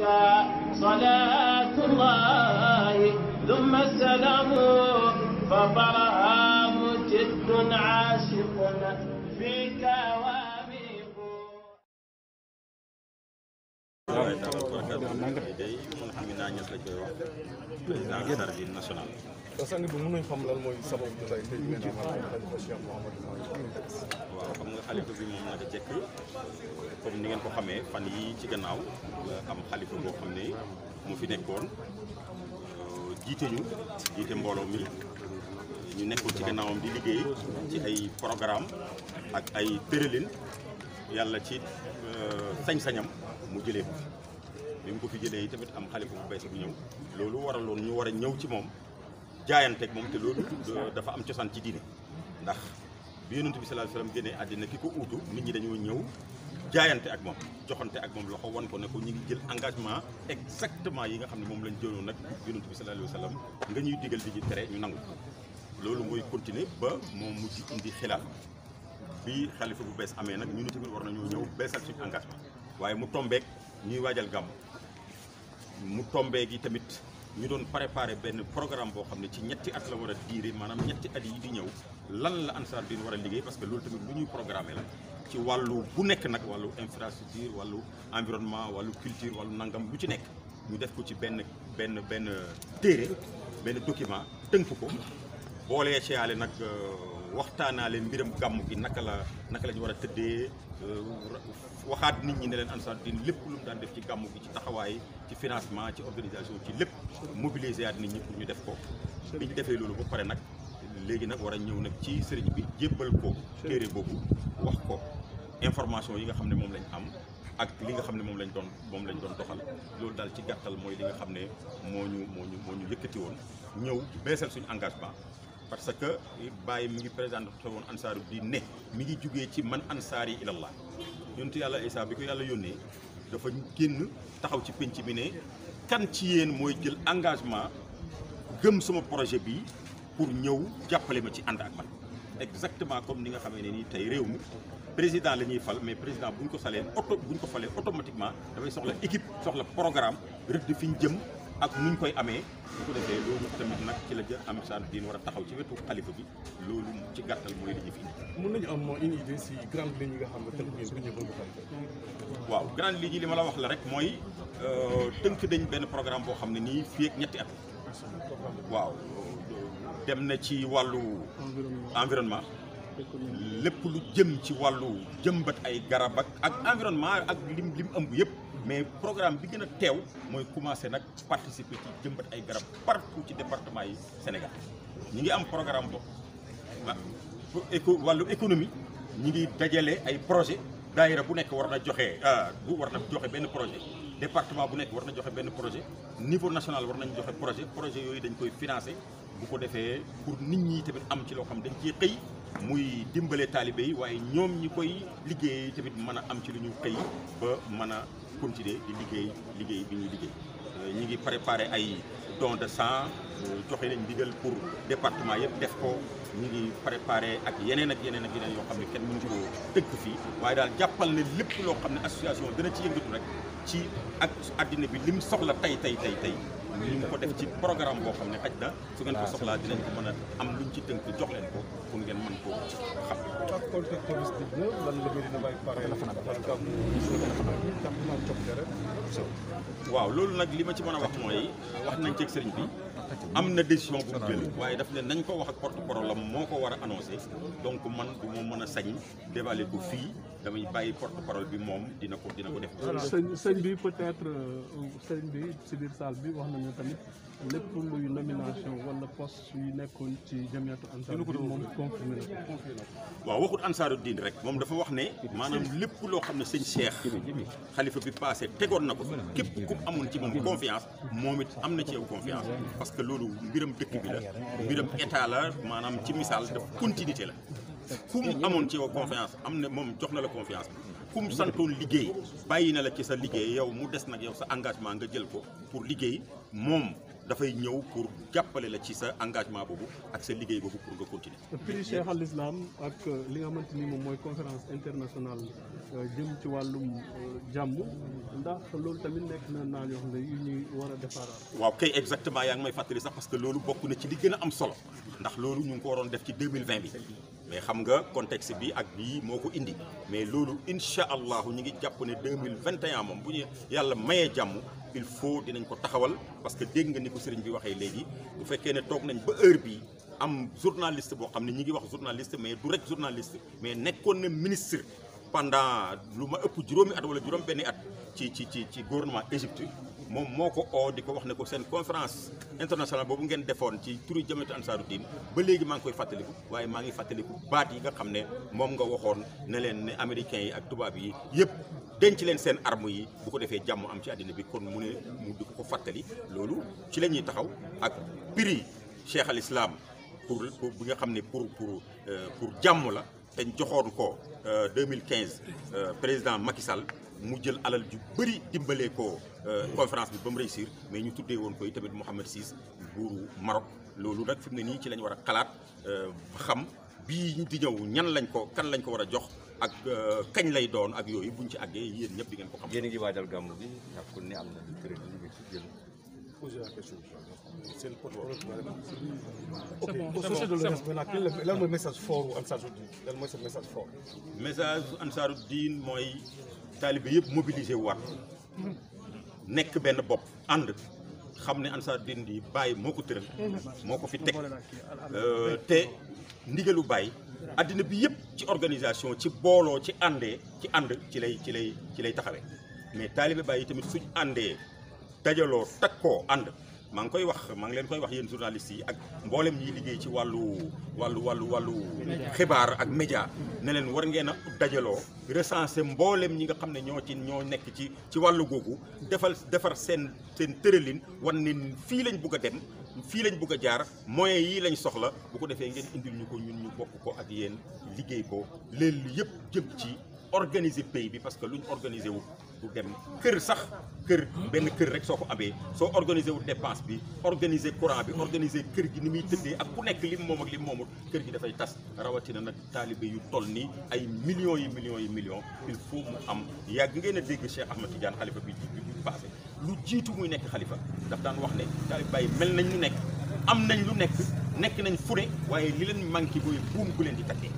عليك صلاة الله ثم السلام فطرها مجد عاشق فيك واميق Sang bi mënuñ xam lan mooy sabab bi tey tey ñu ngi ci xalifa Cheikh Mouhamadou xalifa bi moom naka jekk comme ni ngeen ko xamee fan yi ci gannaaw euh, am xalifa boo xam ne mu fi nekkoon euh, jiite ñu jiite mbooloo mi ñu nekkul ci gannaawam di liggéey ci ay programme ak ay tëralin yàlla ci euh, sañ-sañam mu jëlee ko bi mu ko fi jëlee yi tamit am xalifa bu bees bu ñëw loolu waraloon ñu war a ñëw ci moom jaayanteeg moom te loolu dafa am cosaan ci diine ndax bi yonent bi sallallahu alayhi wasallam génnee àddina ki ko uutu nit ñi dañoo ñëw jaayante ak moom joxante ak moom loxo wan ko ne ko ñu ngi jël engagement exactement yi nga xam ne moom lañ jëloon nag yonent bi sallallahu alayhi wasallam nga ñuy digal di ñu tere ñu nangu loolu mooy continuer ba moom mujj indi xilaat bi xalifa bu bees amee nag ñu ne tamit war nañoo ñëw beesal suñu engagement waaye mu tombeek ñuy waajal gàmm mu tombeek yi tamit ñu doon préparé benn programme boo xam ne ci ñetti at la war a diire maanaam ñetti at yi di ñëw lan la Ansar Dine war a liggéey parce que loolu tamit lu ñuy programmé la ci wàllu bu nekk nag wàllu infrastructure wàllu environnement wàllu culture wàllu nangam lu ci nekk ñu def ko ci benn benn benn téere benn document tënk ko boolee ci yaale nag euh, leen mbiram gàmm gi naka la naka la ñu war a tëddee euh, waxaat nit ñi ne leen Ansaru Diin lépp lu mu daan def ci gàmmu gi ci taxawaay ci financement ci organisation ci lépp mobiliser at nit ñi pour ñu def ko bi ñu defee loolu ba pare nag léegi nag war a ñëw nag ci sëriñ bi jébbal ko téere boobu wax ko information yi nga xam ne moom lañ am ak li nga xam ne moom lañ doon moom lañ doon doxal loolu daal ci gàttal mooy li nga xam ne moo ñu moo ñu moo ñu yëkkati woon ñëw beesal suñu engagement parce que bàyyi mi ngi présenté woon ansaaru di ne mi ngi jugee ci man ansaar yi ilallah yontu yàlla Isaa bi ko yàlla yónnee dafa génn taxaw ci pénc bi ne kan ci yéen mooy jël engagement gëm suma projet bi pour ñëw jàppale ma ci ànd ak man exactement comme ni nga xamee ni nii tey réew mi président la ñuy fal mais président bu ñu ko saleen auto bu ñu ko falee automatiquement dafay soxla équipe soxla programme rëdd fi ñu jëm ak nuñ koy amee bu ko loolu tamit nag ci la jë am saan diin war a taxaw ci wetu xalifa bi loolu ci gàttal mooy li fi mën nañu am une idée si grande ligne yi nga xam ne tënk ngeen ko ñu bëgg ko waaw grande ligne yi li ma la wax la rek mooy euh, tënk dañ benn programme boo xam ne nii fii ak ñetti at waaw dem na ci wàllu environnement lépp lu jëm ci wàllu jëmbat ay garab ak environnement ak lim lim ëmb yëpp mais programme bi gën a teew mooy commencé nag participer ci jëmbat ay garab partout ci département yi Sénégal ñi ngi am programme boobu pour wàllu économie ñi ngi dajale ay projet daayira bu nekk war na joxe bu ah, war na joxe benn projet département bu nekk war na joxe benn projet niveau national war nañ joxe projet projet yooyu dañ koy financer bu ko defee pour nit ñi tamit am ci loo xam ne dañ ciy xëy muy dimbale taalibe yi waaye ñoom ñi koy liggéeyee tamit mën a am ci lu ñu xëy ba mën a continuer di liggéey liggéey bi ñuy liggéey euh, ñi ngi préparé ay don de sang euh, joxe nañ ndigal pour département yëpp def ko ñu ngi préparé ak yeneen ak yeneen ak yeneen yoo xam ne kenn mënu ko tënk fii waaye daal jàppal na lépp loo xam ne association dina ci yëngatu rek ci ak àddina bi lim soxla tey tey tey tey ñu ko def ci programme boo xam ne xaj na su ngeen ko ah, soxlaa dinañ ko mën a am luñ ci tënk jox leen ko pour ngeen mën koo xam. ak waaw loolu nag li ma ci mën a wax mooy wax nañ ci ak sëriñ bi am na décision bu mu jël waaye daf ne nañ ko wax ak porte-parole moo ko war a annoncé donc man du ma mën a sañ dévaler ko fii. damay bàyyi porte parole bi moom dina ko dina ko def. sëñ sëñ bi peut-être euh, sëñ bi si biir salle bi wax nañu tamit lépp luy nomination wala poste yu nekkoon ci jamiatu ansaaru diin moom confirmé na ko. waaw waxut ansaaru diin rek moom dafa wax ne maanaam lépp loo xam ne sëñ Cheikh xalifa bi passé tegoon na ko képp ku amoon ci moom confiance moom it am na ci yow confiance parce que loolu mbiram dëkk bi la mbiram état la maanaam ci misaal daf continuité la. ku amoon ci yow confiance am ne moom jox na la confiance ku mu santoon liggéey bàyyi na la ci sa liggéey yow mu des nag yow sa engagement nga jël ko pour liggéey moom dafay ñëw pour jàppale la ci sa engagement boobu ak sa liggéey boobu pour nga continuer. prix Cheikh Al Islam ak euh, li nga xamante ni moom mooy conférence internationale euh, jëm ci wàllum euh, jàmm ndax loolu tamit nekk na naan yoo xam yu ñuy war a defaraat. waaw kay exactement yaa ngi may fàttali sax parce que loolu bokk na ci li gën a loolu ñu ngi ko waroon def ci 2020 bi. mais xam nga contexte bi ak bii moo ko indi mais loolu incha allahu ñu ngi jàpp ne mille 2021 moom bu ñu yàlla mayee jàmm il faut dinañ ko taxawal parce que dégg nga ni ko sëriñ bi waxee léegi bu fekkee ne toog nañ ba heure bi am journaliste boo xam ne ñi ngi wax journaliste mais du rek journaliste mais nekkoon na ministre pendant lu ma ëpp juróomi at wala juróom benni at ci ci ci ci gouvernement Égypte moom moo ko oo di ko wax ne ko seen conférence internationale boobu ngeen defoon ci turu jamatu ansaaru diin ba léegi maa ngi koy fàttaliku waaye maa ngi fàttaliku baat yi nga xam ne moom nga waxoon ne leen ne américains yi ak tubaab yi yëpp denc leen seen arme yi bu ko defee jàmm am ci àddina bi kon mu ne mu di ko fàttali loolu ci la ñuy taxaw ak prix Cheikh al Islam pour pour bi nga xam ne pour pour euh, pour jàmm la te joxoon ko 2015 euh, euh, président Macky Sall. mu jël alal ju bëri dimbalee ko euh, conférence bi ba mu réussir mais ñu tuddee woon koy tamit Mohamed VI buuru Maroc loolu nag fi ne nii ci lañ war a xalaat euh, xam bii di ñëw ñan lañ ko kan lañ ko war a jox ak euh, kañ lay doon ak yooyu buñ ci àggee yéen ñëpp di ngeen ko xam. yéen a ngi waajal gàmmu bi ne am na lu crédit seen porte-parole ok au sujet de l'ONAS maintenant lan mooy message fort wu Ansaroudine lan mooy sa message fort. message mooy. taalibe yëpp mobilisé wu waat nekk benn bopp ànd xam ne Ansaar Din di moo ko tëral moo ko fi teg euh, te ndigalu Baye addina bi yëpp ci organisation ci booloo ci àndee ci ànd ci lay ci lay ci lay taxawee mais taalibe Baye tamit suñ àndee dajaloo takkoo ànd maa ngi koy wax maa ngi leen koy wax yéen journalistes yi ak mbooleem ñiy liggéey ci wàllu wàllu wàllu wàllu xibaar ak média ne war ngeen a dajaloo recenser mbooleem ñi nga xam ne ñoo ci ñoo nekk ci ci wàllu googu defal defar seen seen tëralin wan fii lañ bëgg a dem fii lañ bëgg a jaar moyens yii lañ soxla bu ko defee ngeen indil ñu ko ñun ñu bokk ko ak yéen liggéey ko leen lu yëpp jëm ci organiser pays bi parce que luñ organiser wu bu dem kër sax kër benn kër rek soo ko abee soo organiser wu dépense bi organiser courant bi organiser kër gi ni muy tëddee ak ku nekk lim moom li lim moomut kër gi dafay tas rawatina nag taalibe yu toll nii ay millions yi millions yi millions il faut mu am yàgg ngeen a dégg Cheikh Ahmed Tidiane xalifa bi bi bi passé lu jiitu muy nekk xalifa daf daan wax ne taalibe bàyyi mel nañ ñu nekk am nañ lu nekk nekk nañ fure waaye li leen manqué mooy buum gu leen di takkee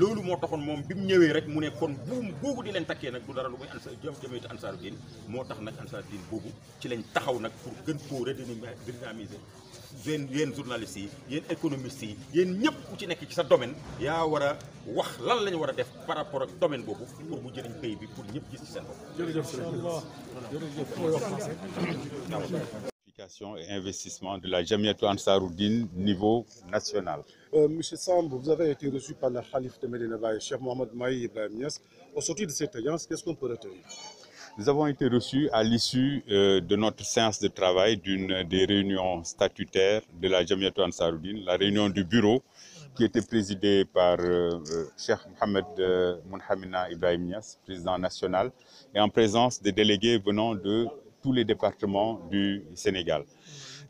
loolu moo taxoon moom bi mu ñëwee rek mu ne kon buum googu di leen takkee nag du dara lu muy ansa jëm jëmeetu ansaaru diin moo tax nag ansaaru diin boobu ci lañ taxaw nag pour gën koo redynamiser yéen yéen journalistes yi yéen économistes yi yéen ñëpp ci nekk ci sa domaine yaa war wax lan lañ war a def par rapport ak domaine boobu pour mu jëriñ pays bi pour ñëpp gis ci seen bopp. jërëjëf communication et investissement de la Jamiatou Ansaroudine niveau national. Euh, Monsieur Samb, vous avez été reçu par le Khalif de Medina Baye, Cheikh Mohamed Ibrahim Niass. Au sortir de cette alliance, qu'est-ce qu'on peut retenir Nous avons été reçus à l'issue euh, de notre séance de travail d'une de la Jamiatou Ansaroudine, la réunion du bureau qui était présidée par euh, euh Cheikh Mohamed euh, Ibrahim Niass, président national, et en présence des délégués venant de tous les départements du Sénégal.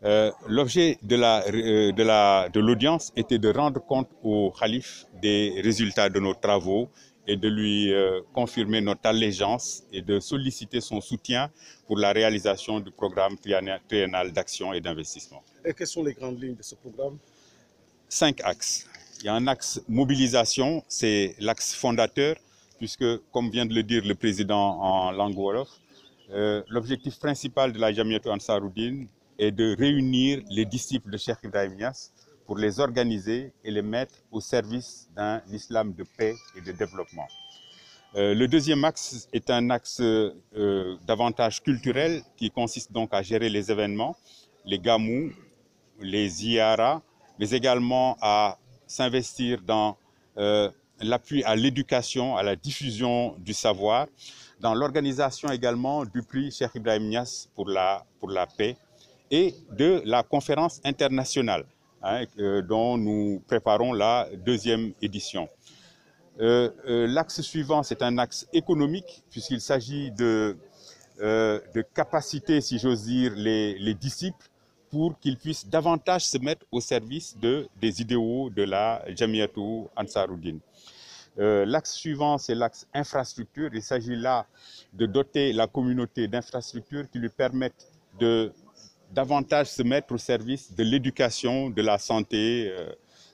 Euh, de la euh, la de l'audience était de rendre compte au khalife des résultats de nos travaux et de lui euh, confirmer notre allégeance et de solliciter son soutien pour la réalisation du programme triennal d'action et d'investissement. quelles sont les grandes lignes de ce programme? Cinq axes. Il y a un axe mobilisation, c'est l'axe fondateur puisque comme vient de le dire le président en langue wolof Euh, l'objectif principal de la Jamiatou Ansaroudine est de réunir les disciples de Cheikh Ibrahim Niass pour les organiser et les mettre au service d'un islam de paix et de développement. Euh, le deuxième axe est un axe euh, davantage culturel qui consiste donc à gérer les événements, les gamous, les ziyaras, mais également à s'investir dans euh, l'appui à l'éducation, à la diffusion du savoir, dans l'organisation également du prix Cheikh Ibrahim Niass pour la, pour la paix et de la conférence internationale hein, euh, dont nous préparons la deuxième édition. Euh, euh, L'axe suivant, c'est un axe économique puisqu'il s'agit de, euh, de capaciter, si j'ose dire, les, les, disciples pour qu'ils puissent davantage se mettre au service de, des idéaux de la Jamiatou Ansaruddin. Euh, l'axe suivant, c'est l'axe infrastructure. Il s'agit là de doter la communauté d'infrastructures qui lui permettent de davantage se mettre au service de l'éducation, de la santé euh,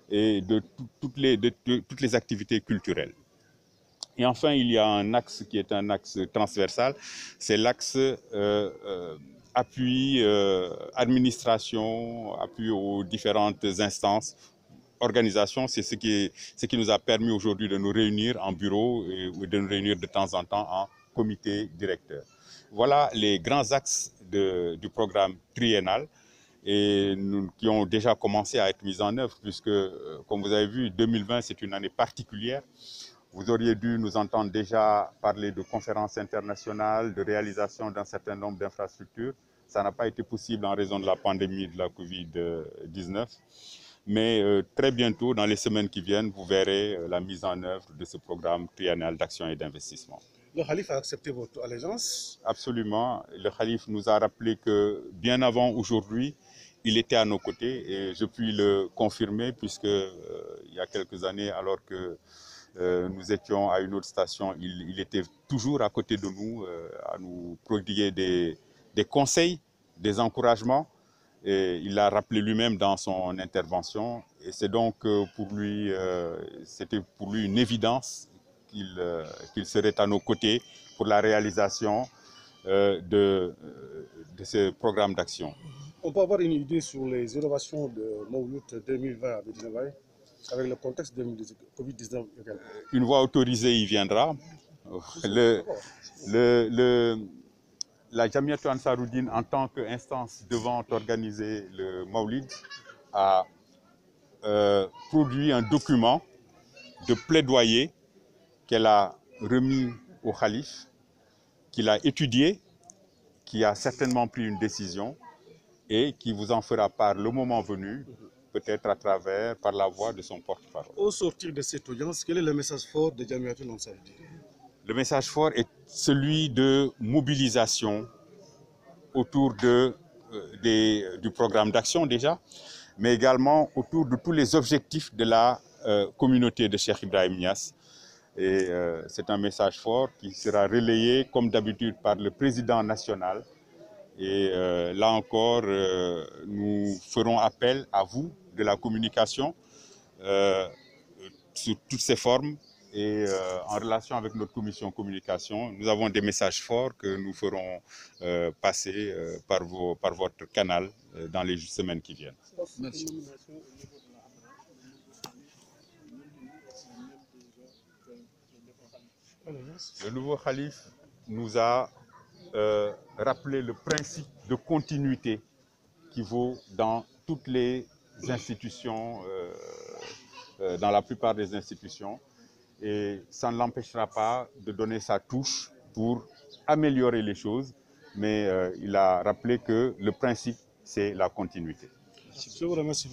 et de, toutes les, de, de, toutes les activités culturelles. Et enfin, il y a un axe est un axe transversal, c'est l'axe euh, euh appui, euh, administration, appui aux différentes instances, organisation, c'est ce qui, ce qui en bureau de nous de temps en temps en comité directeur. Voilà les grands axes de, du programme triennal et nous, qui ont déjà commencé à être mis en œuvre puisque, euh, comme vous avez vu, 2020, c'est une année particulière. Vous auriez dû nous entendre déjà parler de conférences internationales, de réalisation d'un certain nombre d'infrastructures. Ça n'a pas été possible en raison de Mais euh, très bientôt, dans les semaines qui viennent, vous verrez euh, la mise en œuvre de ce programme triennal d'action et d'investissement. Le Khalif a accepté votre allégeance Absolument. Le Khalif nous a rappelé que bien avant aujourd'hui, il était à nos côtés et je puis le confirmer puisque euh, il y a quelques années, alors que euh, nous étions à une autre station, il, était toujours à côté de nous, euh, à nous des, des conseils, des encouragements. il l'a rappelé lui-même dans son intervention. Et c'est donc euh, pour lui, euh, c'était pour lui une évidence euh, qu'il serait à nos côtés pour la réalisation euh, de, euh, de ce programme d'action. On peut avoir une idée sur les innovations de Mouloud avec le contexte de covid Une voie autorisée y viendra. le la Jamiatou Ansaroudine en tant qu'instance devant organiser le Maulid a euh, produit un document de plaidoyer qu'elle a remis au calife, qu'il a étudié, qui a certainement pris une décision et qui vous en fera part le moment venu, peut-être à travers, par la voix de son porte de cette audience, quel est Le message fort est celui de mobilisation autour de, euh, des, euh, du programme d'action déjà, mais également autour de tous les objectifs de la euh, communauté de Cheikh Ibrahim Nias. Et euh, c'est un message fort qui sera relayé, comme d'habitude, par le président national. Et euh, là encore, euh, nous ferons appel à vous de la communication euh, sous toutes ses formes Et euh, en relation avec notre commission communication, nous avons des messages forts que nous ferons euh, passer euh, par, vos, par votre canal euh, dans les semaines qui viennent. Le nouveau calife nous a rappelé le principe de continuité qui vaut dans toutes les institutions, dans la plupart des institutions. et ça ne l'empêchera pas de donner sa touche pour améliorer les choses, mais euh, il a rappelé que le principe, c'est la continuité. Je vous remercie,